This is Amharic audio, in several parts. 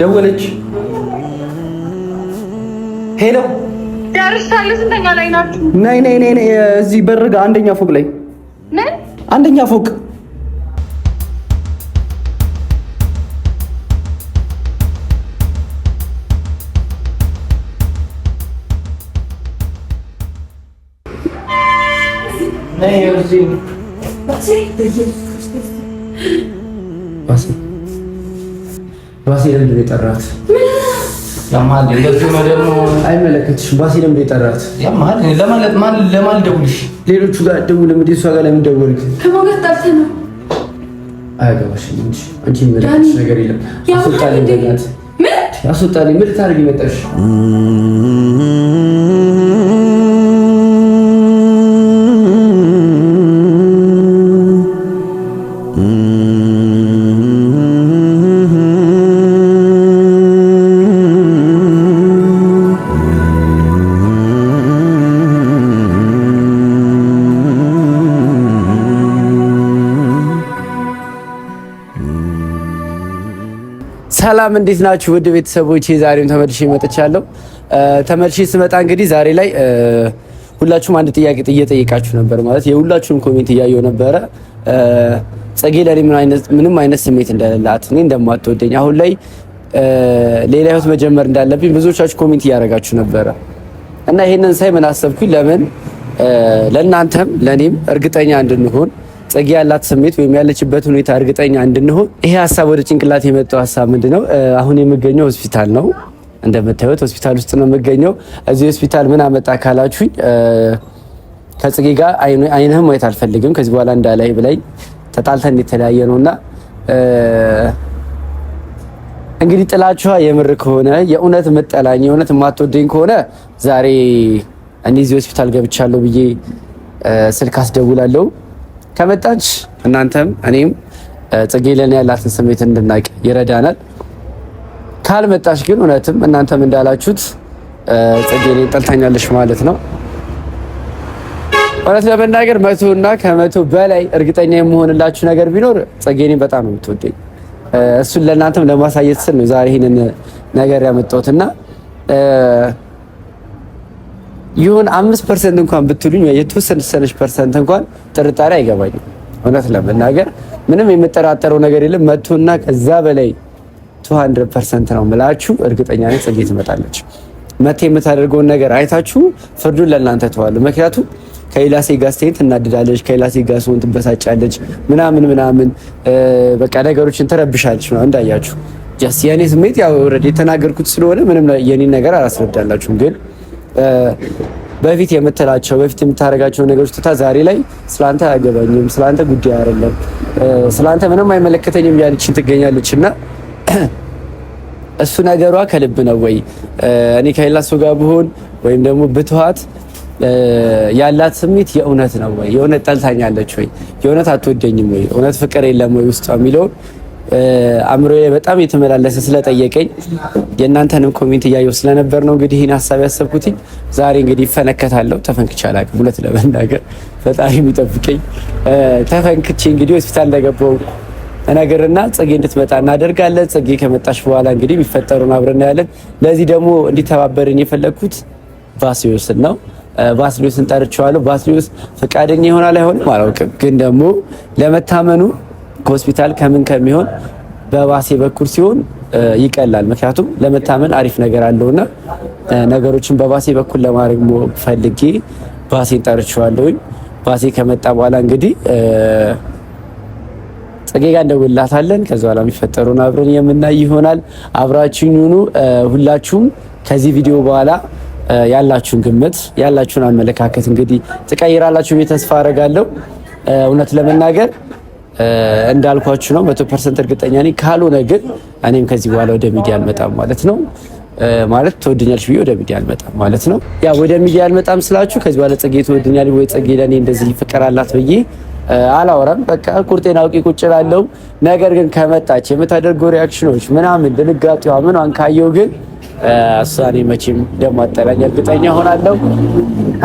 ደወለች። ሄሎ ደርሻለሁ። ስንተኛ ላይ ናችሁ? ነይ ነይ ነይ ነይ፣ እዚህ በር ጋር አንደኛ ፎቅ ላይ ምን? አንደኛ ፎቅ ነይ እዚህ ባሴ ለምንድን ነው የጠራት? ያማል እንደዚህ ነው ደግሞ አይመለከትሽም። ባሴ ለምንድን ነው የጠራት? ሌሎቹ ጋር ደውልም እንደ እሷ ጋር ለምን ደወልክ? አያገባሽም ምን ልታደርጊ መጣሽ? Mm-hmm. ሰላም እንዴት ናችሁ? ውድ ቤተሰቦች ዛሬም ተመልሼ መጥቻለሁ። ተመልሼ ስመጣ እንግዲህ ዛሬ ላይ ሁላችሁም አንድ ጥያቄ እየጠየቃችሁ ነበር፣ ማለት የሁላችሁም ኮሜንት እያየሁ ነበረ። ጸጌ ለኔ ምንም አይነት ስሜት እንደሌላት፣ እኔ እንደማትወደኝ፣ አሁን ላይ ሌላ ህይወት መጀመር እንዳለብኝ ብዙዎቻችሁ ኮሜንት እያደረጋችሁ ነበረ እና ይሄንን ሳይ ምን አሰብኩኝ፣ ለምን ለእናንተም ለእኔም እርግጠኛ እንድንሆን ጽጌ ያላት ስሜት ወይም ያለችበት ሁኔታ እርግጠኛ እንድንሆን ይሄ ሀሳብ ወደ ጭንቅላት የመጣው ሀሳብ ምንድን ነው? አሁን የምገኘው ሆስፒታል ነው። እንደምታዩት ሆስፒታል ውስጥ ነው የምገኘው። እዚህ ሆስፒታል ምን አመጣ ካላችሁኝ ከጽጌ ጋር አይንህም ማየት አልፈልግም ከዚህ በኋላ እንዳላይ ብላኝ ተጣልተን የተለያየ ነውና እንግዲህ ጥላችኋ የምር ከሆነ የእውነት መጠላኝ የእውነት የማትወደኝ ከሆነ ዛሬ እኔ እዚህ ሆስፒታል ገብቻለሁ ብዬ ስልክ አስደውላለሁ። ከመጣች እናንተም እኔም ጽጌ ለን ያላትን ስሜት እንድናቅ ይረዳናል። ካልመጣች ግን እውነትም እናንተም እንዳላችሁት ጽጌ ሌን ጠልታኛለች ማለት ነው። እውነት ለመናገር መቶ እና ከመቶ በላይ እርግጠኛ የመሆንላችሁ ነገር ቢኖር ጽጌ ሌን በጣም ነው የምትወደኝ። እሱን ለእናንተም ለማሳየት ስል ነው ዛሬ ይህንን ነገር ያመጣሁት እና ይሁን አምስት ፐርሰንት እንኳን ብትሉኝ የተወሰነ ሰነሽ ፐርሰንት እንኳን ጥርጣሬ አይገባኝም። እውነት ለመናገር ምንም የምጠራጠረው ነገር የለም። መቶና ከዛ በላይ ቱ ሀንድረድ ፐርሰንት ነው የምላችሁ። እርግጠኛ ነኝ ጽጌ ትመጣለች። መቴ የምታደርገውን ነገር አይታችሁ ፍርዱን ለእናንተ ተዋሉ። ምክንያቱም ከሌላ ጋር ስትሄድ ትናድዳለች፣ ከሌላ ጋር ስትሆን ትበሳጫለች፣ ምናምን ምናምን በቃ ነገሮችን ተረብሻለች ነው እንዳያችሁ። ጀስት የእኔ ስሜት ያው ኦልሬዲ የተናገርኩት ስለሆነ ምንም የኔን ነገር አላስረዳላችሁም ግን በፊት የምትላቸው በፊት የምታደርጋቸው ነገሮች ትታ ዛሬ ላይ ስላንተ አያገባኝም፣ ስላንተ ጉዳይ አይደለም፣ ስላንተ ምንም አይመለከተኝም ያለች ትገኛለች። እና እሱ ነገሯ ከልብ ነው ወይ እኔ ከሌላ ሰው ጋር ብሆን ወይም ደግሞ ብትዋት ያላት ስሜት የእውነት ነው ወይ የእውነት ጠልታኛለች ወይ የእውነት አትወደኝም ወይ እውነት ፍቅር የለም ወይ ውስጥ የሚለውን አእምሮ በጣም የተመላለሰ ስለጠየቀኝ የእናንተንም ኮሜንት እያየው ስለነበር ነው እንግዲህ ይህን ሀሳብ ያሰብኩትኝ። ዛሬ እንግዲህ ይፈነከታለሁ። ተፈንክቼ አላውቅም፣ ሁለት ለመናገር ፈጣሪ የሚጠብቀኝ ተፈንክቼ እንግዲህ ሆስፒታል እንደገባው ነገርና ጽጌ እንድትመጣ እናደርጋለን። ጽጌ ከመጣሽ በኋላ እንግዲህ የሚፈጠሩን አብረን እናያለን። ለዚህ ደግሞ እንዲተባበርን የፈለግኩት ባስዮስን ነው። ባስሊዮስን ጠርቼዋለሁ። ባስሊዮስ ፈቃደኛ ይሆናል አይሆንም አላውቅም፣ ግን ደግሞ ለመታመኑ ከሆስፒታል ከምን ከሚሆን በባሴ በኩል ሲሆን ይቀላል። ምክንያቱም ለመታመን አሪፍ ነገር አለውና ነገሮችን በባሴ በኩል ለማድረግ ፈልጌ ባሴን ጠርቼዋለሁኝ። ባሴ ከመጣ በኋላ እንግዲህ ጽጌ ጋር እንደውላታለን። ከዚ በኋላ የሚፈጠሩን አብረን የምናይ ይሆናል። አብራችን ሁኑ። ሁላችሁም ከዚህ ቪዲዮ በኋላ ያላችሁን ግምት ያላችሁን አመለካከት እንግዲህ ትቀይራላችሁ ተስፋ አደርጋለሁ እውነት ለመናገር እንዳልኳችሁ ነው። መቶ ፐርሰንት እርግጠኛ ነኝ። ካልሆነ ግን እኔም ከዚህ በኋላ ወደ ሚዲያ አልመጣም ማለት ነው። ማለት ትወድኛለች ብዬ ወደ ሚዲያ አልመጣም ማለት ነው። ያ ወደ ሚዲያ አልመጣም ስላችሁ ከዚህ በኋላ ጽጌ ትወድኛለች ወይ ጽጌ ለእኔ እንደዚህ ፍቅር አላት ብዬ አላወራም። በቃ ቁርጤን አውቄ ቁጭ እላለሁ። ነገር ግን ከመጣች የምታደርገው ሪያክሽኖች ምናምን ድንጋጤዋ ምኗን ካየው ግን እሷኔ መቼም ደግሞ አጠራኝ እርግጠኛ ሆናለሁ።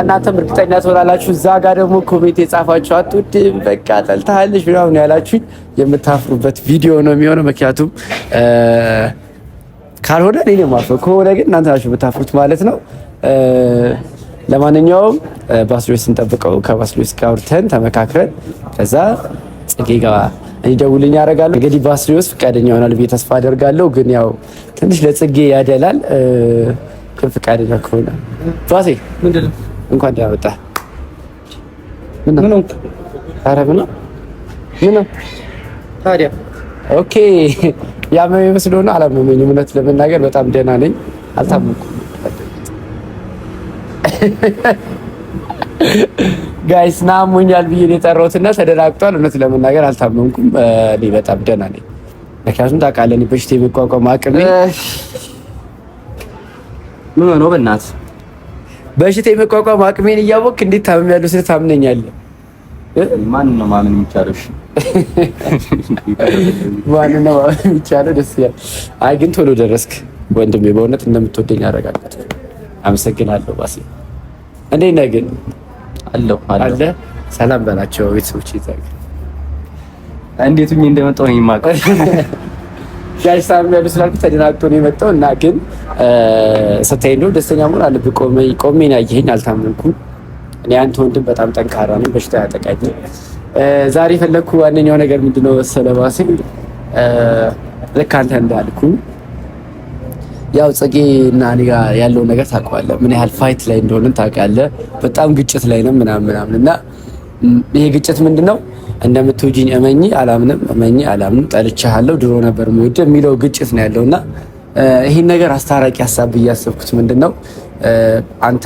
እናንተም እርግጠኛ ትሆናላችሁ። እዛ ጋር ደግሞ ኮሜንት የጻፋችሁ አትወድም በቃ ጠልታለች ምናምን ያላችሁኝ የምታፍሩበት ቪዲዮ ነው የሚሆነው። ምክንያቱም ካልሆነ እኔ ነው የማፍረው፣ ከሆነ ግን እናንተ ናችሁ የምታፍሩት ማለት ነው። ለማንኛውም ባስሎስ እንጠብቀው። ከባስሎስ ጋር አውርተን ተመካክረን ከዛ ጽጌ ጋር እንዲደውልኝ ያደርጋሉ። እንግዲህ ባስ ባስሪዎስ ፍቃደኛ ይሆናል ብዬ ተስፋ አደርጋለሁ። ግን ያው ትንሽ ለጽጌ ያደላል። ግን ፍቃደኛ ከሆነ ባሴ እንኳን ደህና መጣህ። ኧረ ምን ነው ታዲያ ኦኬ። ያመመኝ መስሎ ነው አላመመኝም። እውነት ለመናገር በጣም ደህና ነኝ፣ አልታመኩም። ጋይስ ና አሞኛል ብዬ የጠራሁትና ተደላግጧል። እውነት ለመናገር አልታመምኩም። እኔ በጣም ደህና ነኝ። ምክንያቱም ታውቃለህ እኔ በሽታ የመቋቋም አቅሜ ምን ሆኖ በእናትህ በሽታ የመቋቋም አቅሜን እያወቅህ እንዴት ታምሜያለሁ ስልህ ታምነኛለህ? ማንን ነው ማመን የሚቻለው? ማንን ነው ማመን የሚቻለው? ደስ ይላል። አይ ግን ቶሎ ደረስክ ወንድሜ፣ በእውነት እንደምትወደኝ አረጋግጥ። አመሰግናለሁ ባሴ። እንዴት ነህ ግን? አለው አለ። ሰላም በላቸው ቤተሰቦች። ይዛግ እንዴት ምን እንደመጣው ነው የማውቀው። ጋሽ ሳሚ ያሉ ስላልኩት ተደናግጦ ነው የመጣው እና ግን ስታይ እንደው ደስተኛ መሆን አለብህ። ቆሜ ቆሜ ነው ያየኸኝ፣ አልታመንኩም። እኔ አንተ ወንድም በጣም ጠንካራ ነኝ፣ በሽታ ያጠቃኝ። ዛሬ የፈለግኩ ዋነኛው ነገር ምንድነው መሰለህ ባሴ ልክ አንተ እንዳልኩ ያው ጽጌ እና እኔ ጋር ያለው ነገር ታውቀዋለህ፣ ምን ያህል ፋይት ላይ እንደሆንን ታውቃለህ። በጣም ግጭት ላይ ነው ምናምን ምናምን እና ይሄ ግጭት ምንድን ነው እንደምትወጂኝ እመኚ አላምንም፣ እመኚ አላምንም፣ ጠልቻለሁ፣ ድሮ ነበር ምወድ የሚለው ግጭት ነው ያለውና ይህን ነገር አስታራቂ ሀሳብ ብዬ ያሰብኩት ምንድን ነው አንተ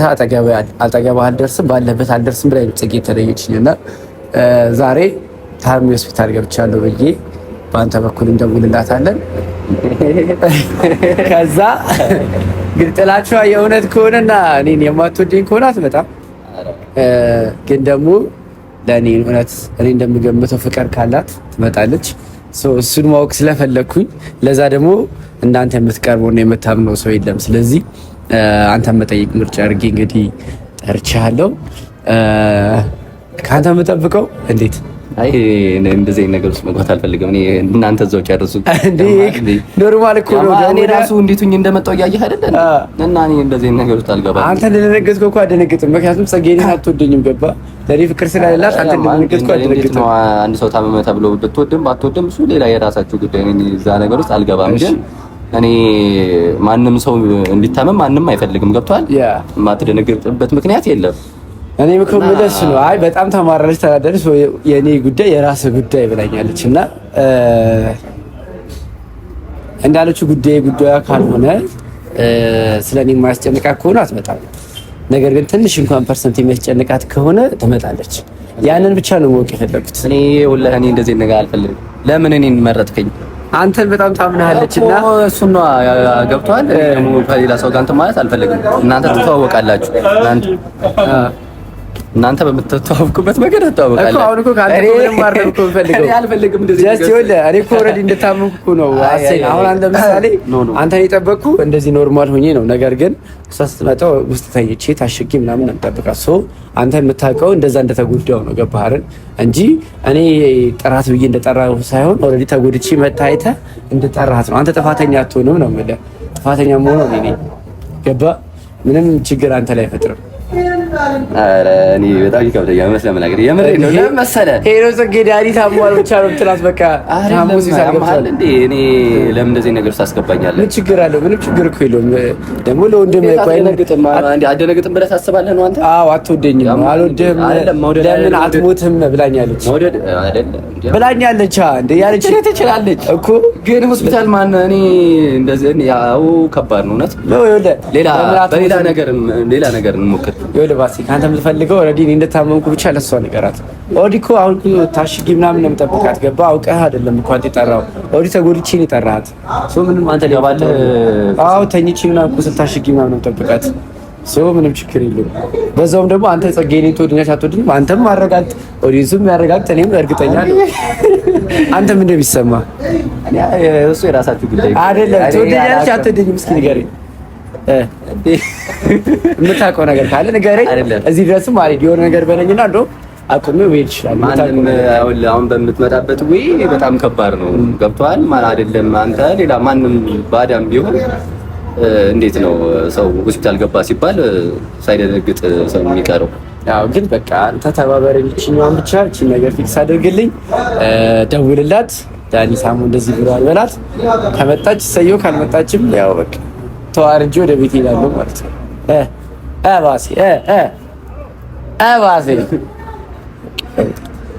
አጠገባ አልደርስም ባለበት አልደርስም ብላ ጽጌ የተለየችኝ እና ዛሬ ታርሚ ሆስፒታል ገብቻለሁ ብዬ በአንተ በኩል እንደውልላታለን ከዛ ግን ጥላችኋ የእውነት ከሆነና እኔን የማትወደኝ ከሆነ አትመጣም። ግን ደግሞ ለእኔ እውነት እኔ እንደምገምተው ፍቅር ካላት ትመጣለች። እሱን ማወቅ ስለፈለግኩኝ ለዛ ደግሞ እንዳንተ የምትቀርበውና የምታምነው ሰው የለም። ስለዚህ አንተ መጠየቅ ምርጫ አድርጌ እንግዲህ ጠርቻለሁ። ከአንተ የምጠብቀው እንዴት አይ እንደዚህ አይነት ነገር ውስጥ መግባት አልፈልግም። እኔ እናንተ እዛው ጨርሱ። ኖርማል እኮ ነው። እኔ ራሱ እንዴት እንደመጣው እንደመጣሁ እያየህ አይደለ? እና እኔ እንደዚህ አይነት ነገር ውስጥ አልገባም። አንተ እንደደነገጥከው እኮ አደነግጥም። ምክንያቱም ጸጌኔ አትወደኝም፣ ገባ ለእኔ ፍቅር ስላለላት አንተ እንደደነገጥኩ አደነግጥም። አንድ ሰው ታመመ ተብሎ ብትወድም ባትወድም እሱ ሌላ የራሳችሁ ጉዳይ። እኔ እዛ ነገር ውስጥ አልገባም ግን እኔ ማንም ሰው እንዲታመም ማንም አይፈልግም። ገብቷል። የማትደነግጥበት ምክንያት የለም። እኔ ምክሩ ምለሱ ነው። አይ በጣም ተማራለች፣ ተናደደች። የእኔ ጉዳይ የራስ ጉዳይ ብላኛለች እና እንዳለችው ጉዳይ ጉዳያ ካልሆነ ስለ እኔ የማያስጨንቃት ከሆነ አትመጣም። ነገር ግን ትንሽ እንኳን ፐርሰንት የሚያስጨንቃት ከሆነ ትመጣለች። ያንን ብቻ ነው ማወቅ የፈለኩት። እኔ ወላሂ እኔ እንደዚህ ነገር አልፈልግም። ለምን እኔን መረጥከኝ? አንተን በጣም ታምናለች እና እሱ ነው ገብቷል። ከሌላ ሰው ጋር እንትን ማለት አልፈልግም። እናንተ ትተዋወቃላችሁ እናንተ በምትተዋወቁበት መንገድ ተዋወቃለህ። አሁን እኮ እንደዚህ ነው። አሁን አንተ ምሳሌ አንተን የጠበቅኩ እንደዚህ ኖርማል ሆኜ ነው። ነገር ግን እሷ ስትመጣ ውስጥ ተኝቼ ታሽጌ ምናምን የምጠብቃት ሰው አንተ የምታውቀው እንደዛ እንደተጎዳው ነው። ገባህርን እንጂ እኔ ጥራት ብዬ እንደጠራሁ ሳይሆን ኦልሬዲ ተጎድቼ መታየተ እንደጠራት ነው። አንተ ጥፋተኛ አትሆንም ነው የምልህ። ጥፋተኛ መሆኑ ገባ ምንም ችግር አንተ ላይ አይፈጥርም። ኧረ እኔ በጣም ይከብደኛል ነው። ለምን መሰለህ ሄሎ ጽጌ ታሟል ብቻ ነው በቃ ታሞ እኔ ለምን እንደዚህ ነገር ውስጥ ምን ችግር አለው? ምንም ችግር እኮ የለውም። ደግሞ ብለህ ታስባለህ ነው አንተ? አዎ አትወደኝም፣ አልወደህም፣ ለምን አትሞትም ብላኛለች ብላኛለች ያለች ትችላለች እኮ ግን ሆስፒታል ማን እኔ እንደዚህ ያው ከባድ ነው እውነት። ሌላ ነገር ሌላ ነገር እንሞክር ይኸውልህ ባሴ ከአንተ የምትፈልገው ኦልሬዲ እኔ እንደታመምኩ ብቻ ለሷ ንገራት። ኦልሬዲ እኮ አሁን ታሽጊ ምናምን ነው የምጠብቃት። ገባህ? አውቀህ አይደለም እኮ አንተ የጠራኸው። ኦልሬዲ ተጎድቼ ነው የጠራሃት። ምንም አንተ አዎ ተኝቼ ምናምን እኮ ስታሽጊ ምናምን ነው የምጠብቃት። ምንም ችግር የለውም። በዛውም ደግሞ አንተ ጸጋዬን ትወድኛለሽ አትወድኝም፣ አንተም ማረጋግጥ፣ ኦዲየንሱም ያረጋግጥ፣ እኔም እርግጠኛ ነኝ። አንተም እንደሚሰማ እሱ የራሳችሁ ጉዳይ አይደለም። ትወድኛለሽ አትወድኝም እስኪ ንገረኝ የምታውቀው ነገር ካለ ንገረኝ። እዚህ ድረስም አሪፍ የሆነ ነገር በለኝና እንደውም አቁሜ መሄድ ይችላል። ማንም አሁን በምትመጣበት ወይ በጣም ከባድ ነው። ገብቶሃል ማለት አይደለም። አንተ ሌላ ማንም ባዳም ቢሆን እንዴት ነው ሰው ሆስፒታል ገባ ሲባል ሳይደነግጥ ሰው የሚቀረው? ያው ግን በቃ አንተ ተባበረ ብቻዋን ብቻ እቺን ነገር ፊክስ አድርግልኝ፣ ደውልላት ዳኒ ሳሙ እንደዚህ ብሏል በላት። ከመጣች ሰየው፣ ካልመጣችም ያው በቃ ተዋርጄ ወደ ቤት ይላሉ ማለት ነው። ባሴ ባሴ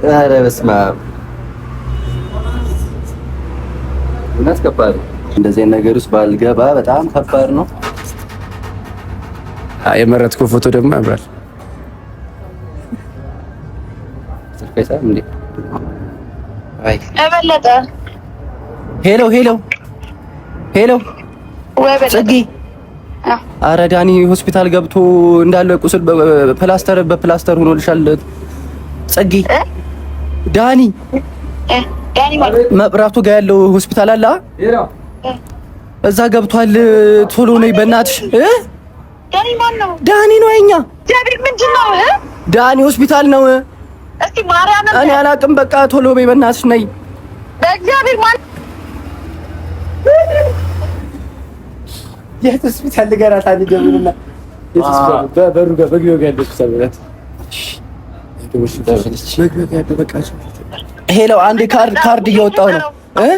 ኧረ በስመ አብ እውነት ከባድ ነው። እንደዚህ ነገር ውስጥ ባልገባ በጣም ከባድ ነው። የመረጥከው ፎቶ ደግሞ ያምራል። ሄሎ ሄሎ ሄሎ ፅጌ ኧረ ዳኒ ሆስፒታል ገብቶ እንዳለ ቁስል በፕላስተር በፕላስተር ሆኖልሻል። ፅጌ ዳኒ መብራቱ ጋር ያለው ሆስፒታል አለ እዛ ገብቷል። ቶሎ ነይ በእናትሽ። ዳኒ ነው የእኛ ዳኒ ሆስፒታል ነው። እኔ አላቅም። በቃ ቶሎ በይ በእናትሽ ነይ። የት ሆስፒታል ልገራት አንድ ደምና የት ሆስፒታል በበሩ ጋር በግቢው ጋር ሆስፒታል ብላት ሄሎ፣ አንዴ ካርድ ካርድ እያወጣሁ ነው እ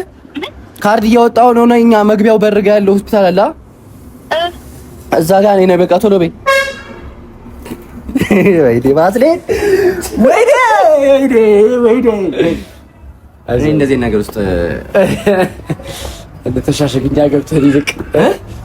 ካርድ እያወጣሁ ነው። እኛ መግቢያው በር ጋር ያለው ሆስፒታል አለ እዛ ጋር እኔ ነኝ። በቃ ቶሎ በይ። ወይዴ ባስሌ፣ ወይዴ ወይዴ ወይዴ እኔ እንደዚህ ነገር ውስጥ እንደተሻሸግኛ ገብተህ ይልቅ እ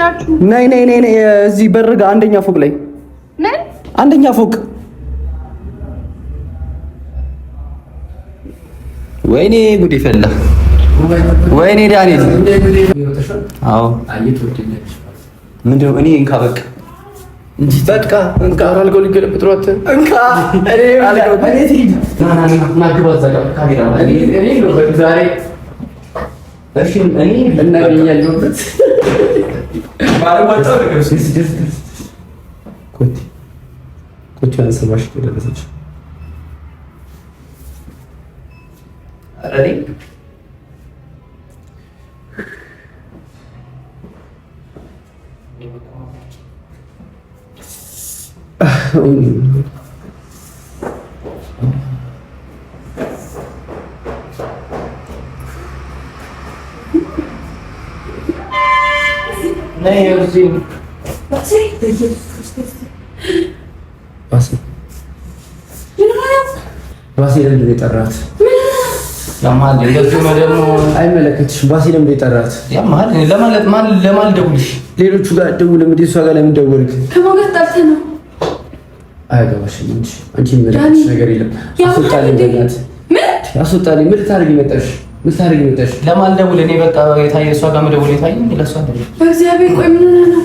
ናችሁ? ነይ ነይ ነይ ነይ፣ እዚህ በር ጋር አንደኛ ፎቅ ላይ ምን አንደኛ ፎቅ። ወይኔ ጉድ ፈላ። ወይኔ ዳንኤል። አዎ ምንድነው? እኔ እንካ በቃ እንጂ በቃ እንካ እኔ እኔ እኔ እኔ ነው ዛሬ እሺ እኔ Bari maça bakıyorsun. kes kes kes. Kötü. Kötü yani savaş göre mesaj. Ready? Oh, ባሴ የጠራት ያማል። እንደዚህ አይመለከትሽም። ባሴ የጠራት ያማል። ለማለት ማን ለማን ደውልሽ? ሌሎቹ ጋር ደውልም እሷ ጋር ለምን ደወልክ? ከሞገት ጠርተህ ነው። አያገባሽም እንጂ አንቺ የሚመለከትሽ ነገር የለም። አስወጣልኝ። ምን ልታደርጊ መጣሽ? ምሳሌ ይወጣሽ እኔ በቃ የታየ እሷ ጋር መደውል ለእሷ በእግዚአብሔር ቆይ፣ ምን ሆነ ነው?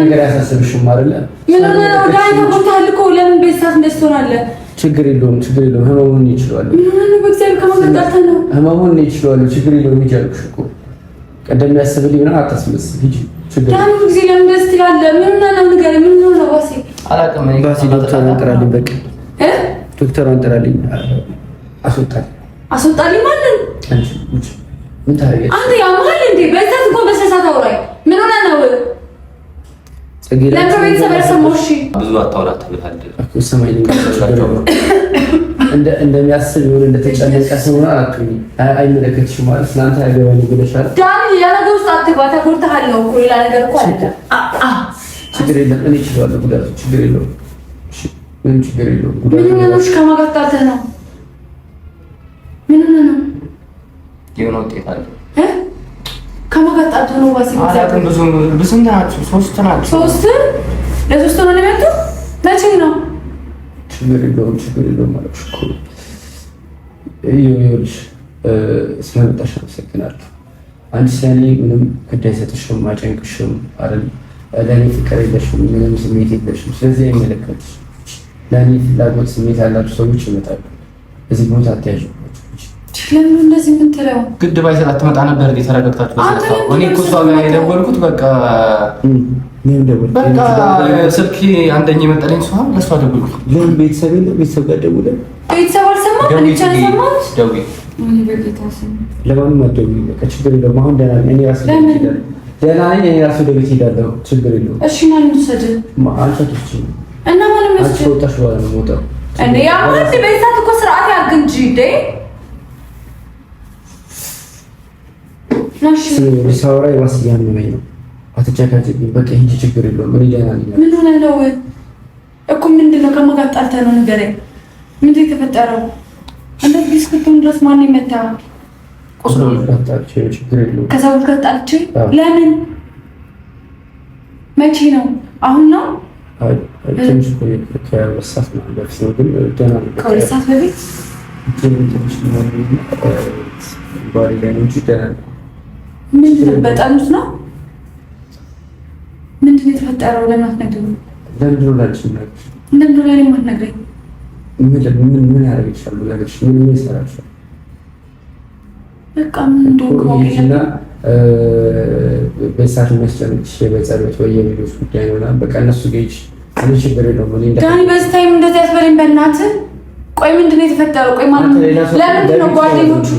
ነገር አይደለ? ምን ሆነ ነው? ዳይ እኮ ለምን በሳት ችግር የለውም፣ ችግር የለውም። ህመሙን ምን ሆነ በእግዚአብሔር ከመጣተ ነው። ህመሙን ችግር የለውም። እኮ ቀደም ያስብልኝ አታስመስል ሂጂ። ጊዜ ለምን ደስ ትላለ? ምን ሆነ ነው? ምን ሆነ ነው? አላውቅም። ዶክተር አንጥራልኝ፣ በቃ ዶክተር አንጥራልኝ፣ አስወጣልኝ፣ አስወጣልኝ ማለት አንተ ያማል እንዴ? በዛ እኮ አውራኝ ምን ሆነ ነው? ብዙ አታውራት እንደሚያስብ ይሁን እንደተጨነቀ አይመለከትሽም ማለት ብለሻል። ዳኒ ውስጥ አትግባ፣ ተጎድተሃል ነው እኮ ሌላ ነገር እኮ አለ። ችግር የለም እኔ እችላለሁ። ጉዳቱ ችግር የለውም፣ ምንም ችግር የለውም። ምን ነው? ምን ሆነ ነው የሆነ ውጤት አለ። ከመቀጣቱ ነው ዋስ ይባላል። ብዙ ብዙ ናችሁ፣ ሶስት ናችሁ። ሶስት ለሶስት ነው ለሚያቱ መቼ ነው ችግር የለውም ችግር የለውም ማለት እኮ ይኸውልሽ፣ ስለመጣሽ አመሰግናለሁ። አንድ ሰኒ ምንም ግድ አይሰጥሽም፣ አጨንቅሽም አይደል? ለእኔ ፍቅር የለሽም፣ ምንም ስሜት የለሽም። ስለዚህ አይመለከትሽ። ለእኔ ፍላጎት ስሜት ያላችሁ ሰዎች ይመጣሉ። እዚህ ቦታ አትያዥም ለምን እንደዚህ የምትለው? ግድ ባይሰጥ ትመጣ ነበር እንዴ? ተረጋግታችሁ በሰጣው። እኔ እኮ እሷ ጋር የደወልኩት በቃ ስልክ አንደኛ የመጣልኝ ሰው ለእሷ ደወልኩ። ለምን ቤተሰብ የለም? ቤተሰብ ጋር ደውለን ቤተሰብ አልሰማም። እኔ ብቻ ሰማሁት። ደውዬ ለማንም አትደውይም። ችግር የለውም። አሁን ደህና ነኝ እኔ ራሴ ደህና ነኝ። እኔ ራሴ ወደ ቤት ሄዳለሁ። ችግር የለውም። እሺ እና ሳውራ ዋስያን ነው ነው አትጨቃጨቅ፣ በቃ ሂጂ፣ ችግር የለውም። ምን ይላል? ምን ሆነ ነው እኮ ምንድን ነው? ከማን ጋር ጣልተህ ነው? ንገረኝ፣ ምንድን የተፈጠረው? እንደዚህ እስክትሆን ድረስ ማን የመታ ከሰዎች ጋር ጣልቼ? ለምን? መቼ ነው? አሁን ነው? ሰዓት በፊት ምንድን በጠኑት ነው? ምንድን የተፈጠረው? ለምን አትነግሪኝም? ለምንድን ነው ለምንድን ነው ለእኔም ምን ምን ያደርግሻል? ነገርሽ ምን ምን ይሰራሻል? በቃ ምን እንደሆነ ከሆነና የሚያስጨንቅሽ የጸሎት ወይ የሚሉት ጉዳይ ነውና በቃ እነሱ ገጅ ምን ችግር የለውም። ዳኒ በዚህ ታይም እንደዚህ ያስበለኝ በእናትህ። ቆይ ምንድን ነው የተፈጠረው? ቆይ ማለት ለምንድን ነው ጓደኞቹ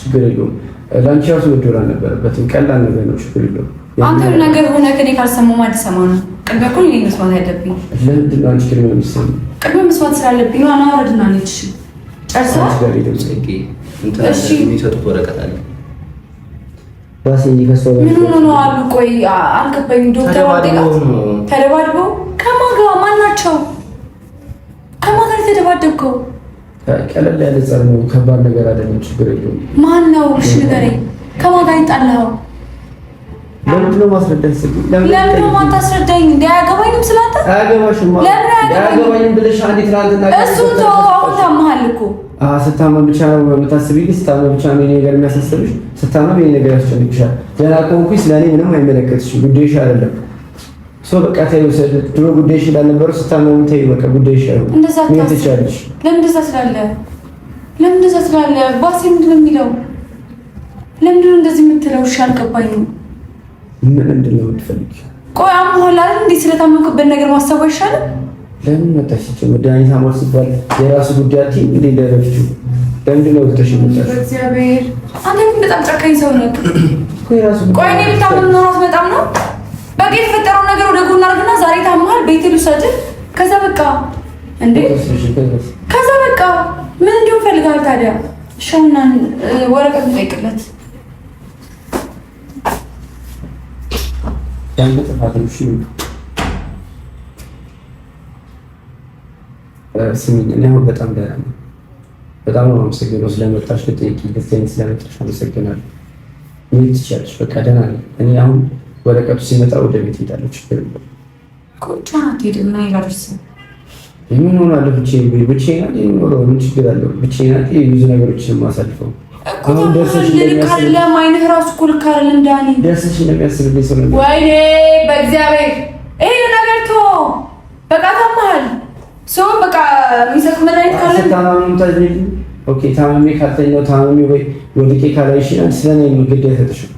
ችግር የለውም። ለአንቺ ራሱ መደወል አልነበረበትም። ቀላል ነገር ነው። ችግር የለውም። አንተ ነገር ሆነ ከኔ ካልሰማሁም አልሰማ ነው። ቅድመ እኮ እኔ መስማት ያለብኝ ለምንድን ነው? አንቺ ቅድመ የሚሰማ ቅድመ መስማት ስላለብኝ ነው። አናወርድና ነች እሺ ወረቀት አለ ነው አሉ። ቆይ ዶክተር ተደባድበው ከማን ጋር ማናቸው? ከማን ጋር የተደባደብከው? ቀለል ያለ ጸብ ነው። ከባድ ነገር አይደለም። ችግር የለውም። ማን ነው? እሺ ንገረኝ። ከማን ጋር ይጣላው? ለምንድን ነው ማስረዳኝ? ለምንድን ነው ማታስረዳኝ? አያገባኝም ስላንተ አያገባሽም። ለምን አያገባኝም ብለሽ አንዴ ትናንትና እሱን ተወው። አሁን ታመሃል እኮ ስታመም ብቻ ነው የምታስቢው። ስታመም ብቻ ነው ነገር የሚያሳስብሽ። ስታመም የእኔ ነገር ያስጨንቅሻል። ደህና ከሆንኩኝ ስለእኔ ምንም አይመለከትሽም። ጉዳይሽ አይደለም። በቃ ተይው፣ ድሮ ጉዳይሽ እንዳልነበረው ስታመሙ ተይው፣ በቃ ጉዳይሽ አሉ ምን ትቻለሽ? ለምን እንደዛ ስላለ ለምን እንደዛ ስላለ ባሴ ምንድን ነው የሚለው? ለምንድን ነው እንደዚህ የምትለው? እሺ አልገባኝም። ምን እንድነው የምትፈልጊው? ቆይ አምሆላ እንዴ ስለታመምክበት ነገር ማሰብ አይሻልም? ለምን መጣሽ? መድኃኒት አማር ሲባል የራሱ ጉዳይ አትይም እንዴ? ደረፍችው ለምንድን ነው ወጥተሽ የመጣሽ? በእግዚአብሔር አንተ ግን በጣም ጨካኝ ሰው ነህ። ቆይ ራሱ ቆይ እኔ ብታመም ኖራት በጣም ነው በቃ የተፈጠረው ነገር ወደ ጎን አድርግና ዛሬ ታመሃል፣ ቤት ልውሰድህ። ከዛ በቃ እንዴ ከዛ በቃ ምን እንዲሁ ፈልጋል ታዲያ ሸውናን ወረቀት ጠይቅለት ያን ጥፋት እሺ ስሚኝ፣ እኔ በጣም ደህና ነኝ። በጣም ነው አመሰግናለሁ ስለመጣሽ፣ ልጠይቂ ጊዜ ስለመጣሽ አመሰግናለሁ። ምን ትችያለሽ? በቃ ደህና ነኝ እኔ አሁን ወረቀቱ ሲመጣ ወደ ቤት ሄዳለሁ። ችግር ምን ሆናለሁ? ብቻዬን ወይ ምን ችግር አለው? ብቻዬን ብዙ ነገሮችን ማሳልፈው አሁን ይሄ ነገር በቃ ሰው በቃ ካለ ታዝኝ። ኦኬ ታማሚ ካልተኛው ታማሚ ወይ ወድቄ ካላይሽ ምግድ አይሰጥሽም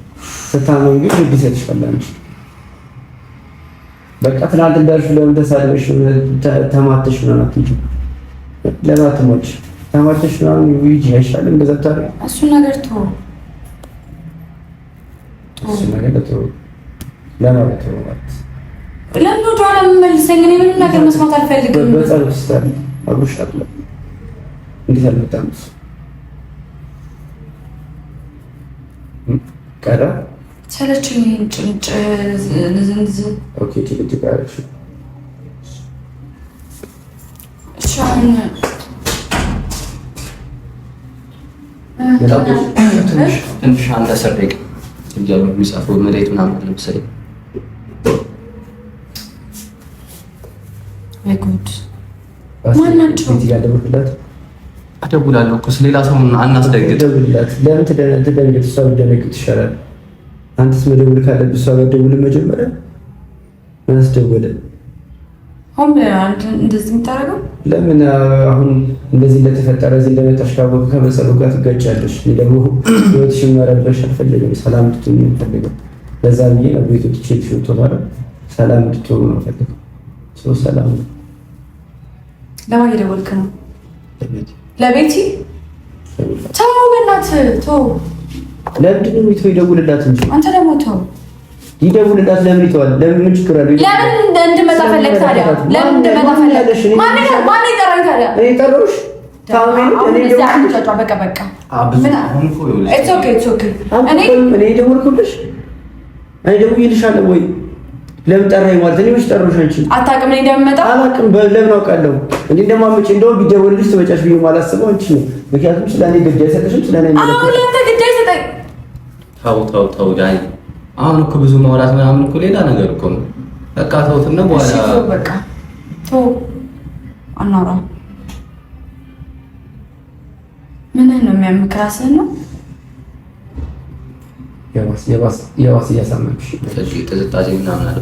ስታመኝ ግን ግድ ይሰጥሽ በቃ ትናንት እንዳልሽ ለምን ተሳድበሽ ተማተሽ ምናምን አትሄጂም። ተማተሽ ምናምን ውይጅ አይሻልም? እንደዛ እሱ ነገር ቶ እሱ ነገር ለማለት ነው ለምን ወደ ኋላ የምመልሰኝ እኔ ምንም ነገር መስማት አልፈልግም። በጸሎት ስታል አብሮሽ አለ እንዴት አልመጣም እሱ ቀረ ሰለችኝ። ጭምጭ ንዝንዝ ጭቅጭቅ ያለች ትንሽ አንድ አስር እያሉ የሚጻፈው መሬት ምናምን ለምሳሌ ጉድ ማናቸው እደውላለሁ እኮ ስለሌላ ሰው አናስደግጥ። ለምን ትደነግጥ? እሷ ብትደነግጥ ይሻላል። አንተስ መደውል ካለብህ እሷ ደውል መጀመሪያ ምን አስደወለ? እንደዚህ ለምን? አሁን እንደዚህ እንደተፈጠረ እዚህ እንደመጣሽ ካወቅህ ከመሰሉ ጋር ትጋጫለሽ። እኔ ደግሞ ህይወትሽን መረበሽ ሰላም እንድትሆን ነው ለዛ ብዬ ነው ቤቱ ትቼ ትወጣለ። ሰላም እንድትሆኑ ነው ሰላም ነው ለማን ነው? ለቤቲ ተው፣ በእናትህ ተው። ለምንድን ነው የሚተው? ይደውልላት እንጂ አንተ ደግሞ ተው። ይደውልላት። ለምን ይተዋል? ለምን ምን ችግር አለው? ለምን እንድመጣ ፈለግ ታዲያ? ለምን እንድመጣ ፈለግ? ማን ማን ይጠራኝ ታዲያ? እኔ ጠራሁሽ። እኔ ደውልኩልሽ። እኔ ደውዬልሻለሁ ወይ ለምን ጠራኸኝ? ማለት እኔ መች ጠራሁሽ? አንቺ አታውቅም እኔ እንደምመጣ አላውቅም። ለምን አውቃለሁ? እንዴ እንደማመጪ እንደው ቢደወልልሽ ትመጫሽ ብዬ ማላስበው አንቺ ነው። ምክንያቱም ስለኔ ግድ አይሰጥሽም። ስለኔ አሁን ለአንተ ግድ አይሰጠኝ። ተው ተው ተው። ጋይ፣ አሁን እኮ ብዙ ማውራት ምናምን እኮ ሌላ ነገር እኮ ነው። በቃ ተውትና በኋላ እሺ፣ በቃ ተው። አናውራም። ምን ነው የሚያምክራስህ ነው የባስ እያሳመንሽ ጥዝጣዜ ምናምን አለ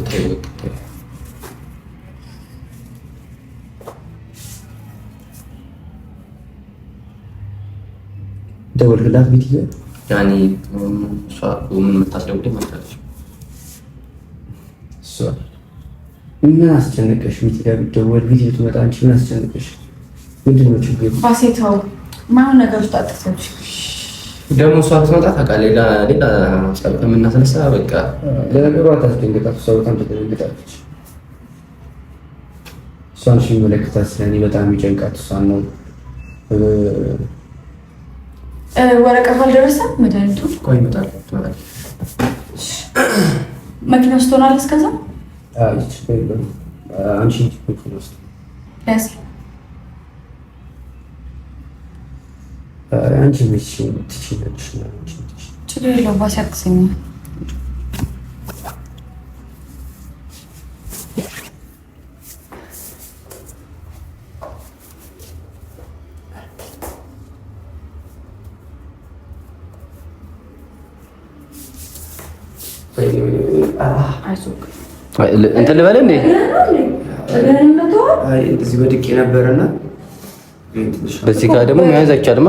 ደወልክላት ቤት ይዘ ያኔ እሷ ምን የምታስደውል መጣለች። ምን አስጨነቀሽ? ቤት ደወል ቤት ትመጣ አንቺ ምን አስጨነቀሽ? ምንድን ነው ችግሩ? ባሴ ተው ነገር ውስጥ አጥቅቶች ደግሞ እሷ ትመጣ ታውቃለህ። ሌላ ሌላ ጸብ ከምናስነሳ በቃ ለነገሩ አታስደንግጣት። እሷ በጣም ተደንግጣለች። እሷን ሲመለከታት ስለኔ በጣም ይጨንቃት። እሷን ነው ወረቀቱ አልደረሰም። መድኃኒቱ ቆይ ይመጣል። መኪና ውስጥ ሆናለች። እስከዛ አንቺ Będziemy trzcinać, trzcinać, trzcinać. Czyli Lubasia Ksyni. እንትን ልበል እንዴ እንደዚህ ወድቄ ነበርና በዚህ ጋር ደግሞ መያዝ አይቻልማ።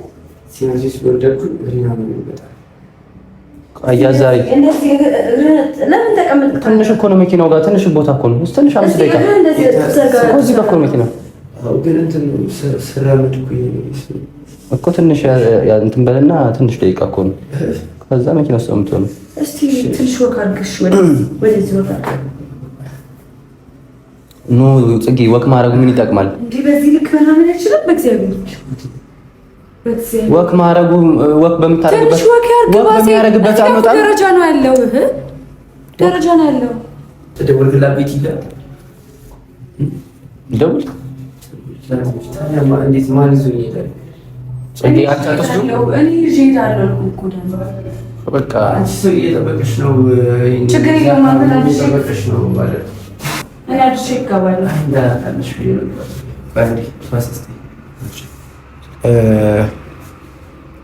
ስለዚህ ወደኩ ህሊና ነው ይመጣል። አያዛሪ ትንሽ እኮ ነው መኪናው ጋር ትንሽ ቦታ እኮ ነው። ትንሽ አምስት ደቂቃ እዚህ ጋር እኮ ነው መኪናው ግን እንትን ስራምድኩኝ እኮ ትንሽ እንትን በልና ትንሽ ደቂቃ እኮ ነው። ከዛ መኪና ውስጥ የምትሆነው እስቲ ትንሽ ወክ አድርግሽ ወደዚህ ወክ አድርግ። ኑ ጽጌ፣ ወክ ማድረጉ ምን ይጠቅማል? እንዲህ በዚህ ልክ ምናምን አይችልም በእግዚአብሔር ወክ ማረጉ ወክ በምታረግበት ወክ በሚያረግበት አልመጣም። ደረጃ ነው ያለው ደረጃ ነው ያለው። ትደውልላት ቤት ይላል ደውል ነው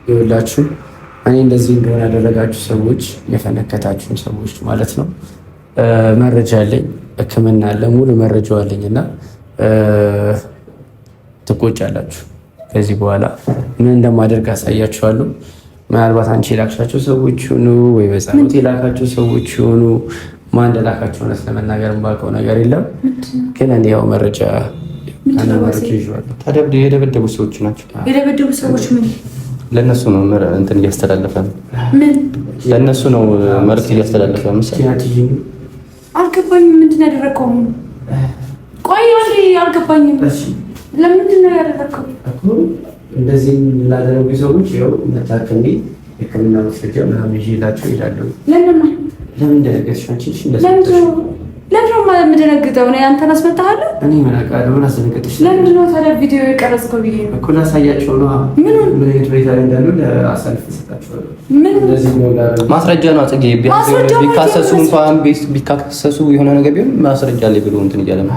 ይኸውላችሁ እኔ እንደዚህ እንደሆነ ያደረጋችሁ ሰዎች የፈነከታችሁን ሰዎች ማለት ነው መረጃ አለኝ፣ ሕክምና አለ፣ ሙሉ መረጃው አለኝ እና ትቆጫላችሁ። ከዚህ በኋላ ምን እንደማደርግ አሳያችኋለሁ። ምናልባት አንቺ የላክሻቸው ሰዎች ሆኑ ወይ በጻት የላካቸው ሰዎች ሆኑ ማን እንደላካቸው እውነት ለመናገር የማውቀው ነገር የለም፣ ግን እኔ ያው መረጃ የደበደቡ ሰዎች ናቸው። የደበደቡ ሰዎች ምን ለእነሱ ነው እንትን እያስተላለፈ ነው። ምን ለእነሱ ነው መልዕክት እያስተላለፈ መሰለኝ። አልገባኝም። ምንድን ነው ያደረገው? ቆይ አልገባኝም። ለምንድን ነው ያደረገው? እንደዚህ ላደረጉ ሰዎች ው መታከሚ ሕክምና መስጃ ምናምን ይዤላቸው ይላሉ። ለምን ለምን ደረገሽ አንቺ? የምደነግጠው? ነው። አንተን አስመታሃለሁ። እኔ ምን አውቃለሁ? ምን አስደነገጥሽ? ለምንድን ነው ታዲያ ቪዲዮ የቀረጽከው? ብዬሽ ነው እኮ ላሳያቸው ነው። ምን የት ሁኔታ ላይ እንዳሉ ለአሳልፍ እሰጣቸዋለሁ። ማስረጃ ነው አጽጌ። ቢካሰሱ እንኳን ቢካሰሱ የሆነ ነገር ቢሆን ማስረጃ ላይ ብሎ እንትን እያለ ነው።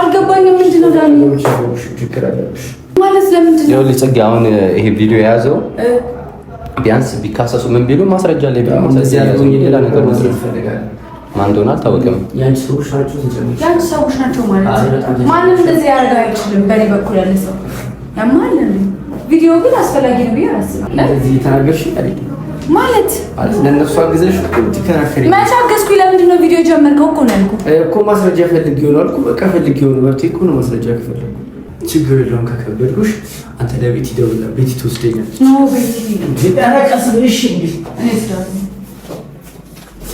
አልገባኝም። ምንድን ነው ዳኒ ማለት ለምንድን ነው ጽጌ? አሁን ይሄ ቪዲዮ የያዘው ቢያንስ ቢካሰሱ ምን ቢሉ ማስረጃ ላይ ብሎ ሌላ ነገር ነው ማን እንደሆነ አልታወቀም። የአንቺ ሰዎች ናቸው ማለት ማንም እንደዚህ ያደርጋል አይችልም። በእኔ በኩል ያለ ሰው ያማልን ቪዲዮ ግን አስፈላጊ ነው ብዬ አላስብም። እንደዚህ ተናገርሽ አይደል ማለት ለነሱ አግዘሽ ትከራከሪ መቼ አገዝኩኝ? ለምንድን ነው ቪዲዮ ጀመርከው? እኮ ነው ያልኩህ እኮ ማስረጃ ፈልግ ይሆን አልኩ። በቃ ፈልግ ይሆን መብቴ እኮ ነው ማስረጃ ከፈለግ ችግር የለውም። ከከበድኩሽ አንተ ለቤት ይደውላ ቤት ትወስደኛል። ቤት ቀስ ብሽ እኔ ስራ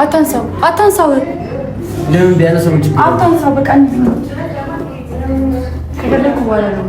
አታንሳው፣ አታንሳው። ለምን ቢያነሳው እንጂ አታንሳው። በቃ እንዴ ነው ከደረኩ በኋላ ነው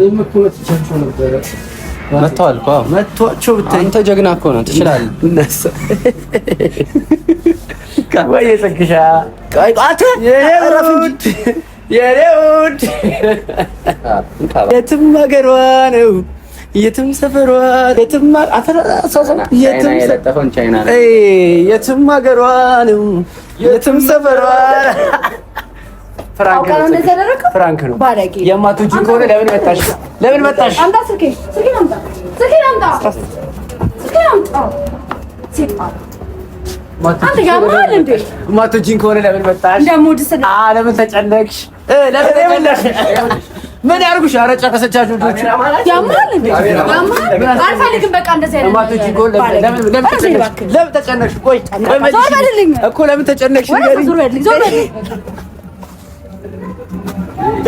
እኔም እኮ መጥቻቸው ነበረ። መጥተዋል እኮ መጥቷቸው ብታይ አንተ ጀግና እኮ ነው። ትችላለህ። እነሱ ወይ ጽግሻ ቃይቃት የሬውድ የሬውድ የትም ሀገሯ ነው የትም ሰፈሯ የትም የትም ሀገሯ ነው የትም ሰፈሯ ፍራንክ ነው። ፍራንክ ነው። ከሆነ ለምን መጣሽ? ለምን መጣሽ? አምጣ፣ ስልኬን፣ ስልኬን አምጣ፣ ስልኬን አምጣ፣ ስልኬን አምጣ። ሲጣል ማትወጪኝ ከሆነ ለምን መጣሽ? ለምን ተጨነቅሽ? ምን ያርጉሽ? ኧረ ጨረሰቻችሁ። ለምን ተጨነቅሽ? ቆይ እኮ ለምን ተጨነቅሽ?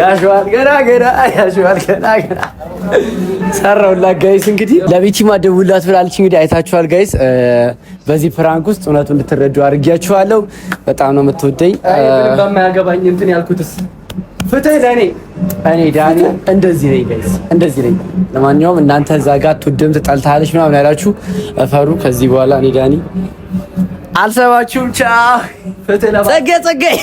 ያሸዋል ገና ገና ያሸዋል ገና ገና ሰራውላት ጋይስ። እንግዲህ ለቤቲ ማደውላት ብላለች። እንግዲህ አይታችኋል ጋይስ። በዚህ ፕራንክ ውስጥ እውነቱ እንድትረዱ አድርጊያችኋለሁ። በጣም ነው የምትወደኝ። በማያገባኝ እንትን ያልኩትስ ፍትህ ለእኔ እኔ ዳኒ እንደዚህ ነኝ ጋይስ፣ እንደዚህ ነኝ። ለማንኛውም እናንተ እዛ ጋር ትውድም ትጠልታለች ምናምን ያላችሁ እፈሩ። ከዚህ በኋላ እኔ ዳኒ አልሰባችሁም። ቻ ፈተና ጸጋ ጸጋይ